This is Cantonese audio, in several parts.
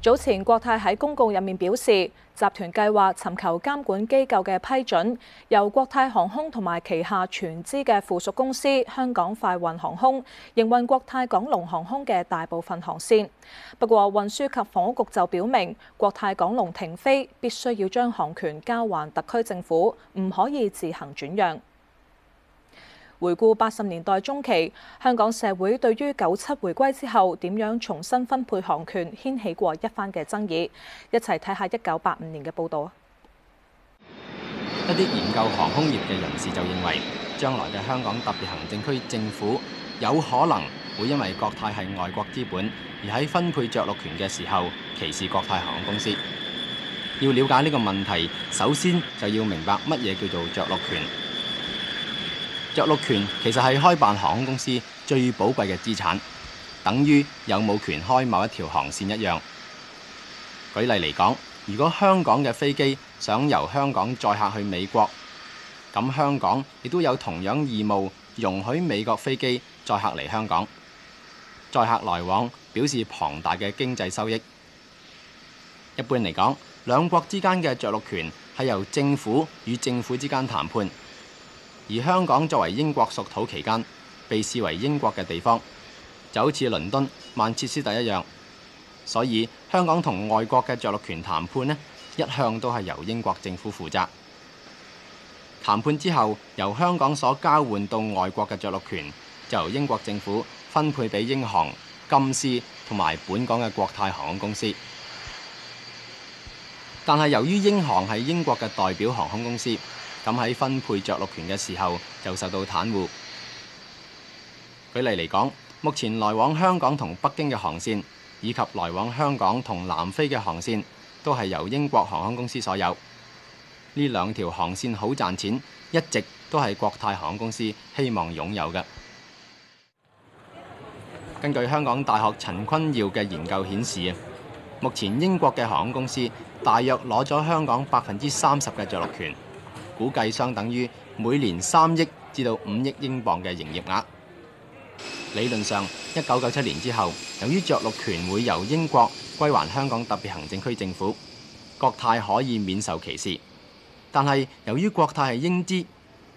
早前國泰喺公告入面表示，集團計劃尋求監管機構嘅批准，由國泰航空同埋旗下全資嘅附屬公司香港快運航空營運國泰港龍航空嘅大部分航線。不過運輸及房屋局就表明，國泰港龍停飛必須要將航權交還特區政府，唔可以自行轉讓。回顧八十年代中期，香港社會對於九七回歸之後點樣重新分配航權掀起過一番嘅爭議。一齊睇下一九八五年嘅報導啊！一啲研究航空業嘅人士就認為，將來嘅香港特別行政區政府有可能會因為國泰係外國資本，而喺分配着陸權嘅時候歧視國泰航空公司。要了解呢個問題，首先就要明白乜嘢叫做着陸權。着陸權其實係開辦航空公司最寶貴嘅資產，等於有冇權開某一條航線一樣。舉例嚟講，如果香港嘅飛機想由香港載客去美國，咁香港亦都有同樣義務容許美國飛機載客嚟香港。載客來往表示龐大嘅經濟收益。一般嚟講，兩國之間嘅着陸權係由政府與政府之間談判。而香港作為英國屬土期間，被視為英國嘅地方，就好似倫敦、曼徹斯特一樣。所以香港同外國嘅著陸權談判呢，一向都係由英國政府負責。談判之後，由香港所交換到外國嘅著陸權，就由英國政府分配俾英航、金獅同埋本港嘅國泰航空公司。但係由於英航係英國嘅代表航空公司。咁喺分配着陸權嘅時候就受到袒護。舉例嚟講，目前來往香港同北京嘅航線，以及來往香港同南非嘅航線，都係由英國航空公司所有。呢兩條航線好賺錢，一直都係國泰航空公司希望擁有嘅。根據香港大學陳坤耀嘅研究顯示，目前英國嘅航空公司大約攞咗香港百分之三十嘅着陸權。估計相等於每年三億至到五億英鎊嘅營業額。理論上，一九九七年之後，由於着陸權會由英國歸還香港特別行政區政府，國泰可以免受歧視。但係由於國泰係英資，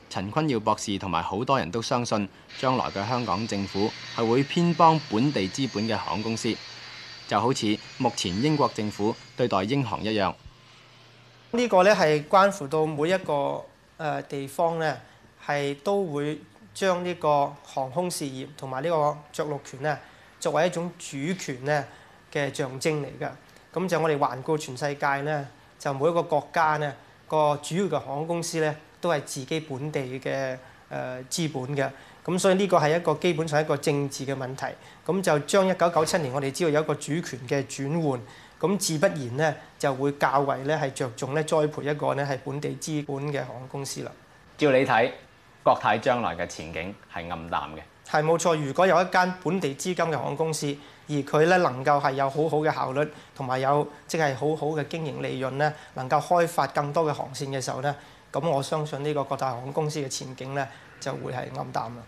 陳坤耀博士同埋好多人都相信，將來嘅香港政府係會偏幫本地資本嘅航空公司，就好似目前英國政府對待英航一樣。呢個呢係關乎到每一個誒地方呢係都會將呢個航空事業同埋呢個著陸權呢作為一種主權呢嘅象徵嚟㗎。咁就我哋環顧全世界呢，就每一個國家呢個主要嘅航空公司呢都係自己本地嘅誒資本嘅。咁所以呢個係一個基本上一個政治嘅問題。咁就將一九九七年我哋知道有一個主權嘅轉換。咁自不然呢，就會較為咧係着重咧栽培一個咧係本地資本嘅航空公司啦。照你睇，國泰將來嘅前景係暗淡嘅？係冇錯，如果有一間本地資金嘅航空公司，而佢咧能夠係有好好嘅效率，同埋有即係好好嘅經營利潤咧，能夠開發更多嘅航線嘅時候咧，咁我相信呢個國泰航空公司嘅前景咧就會係暗淡啦。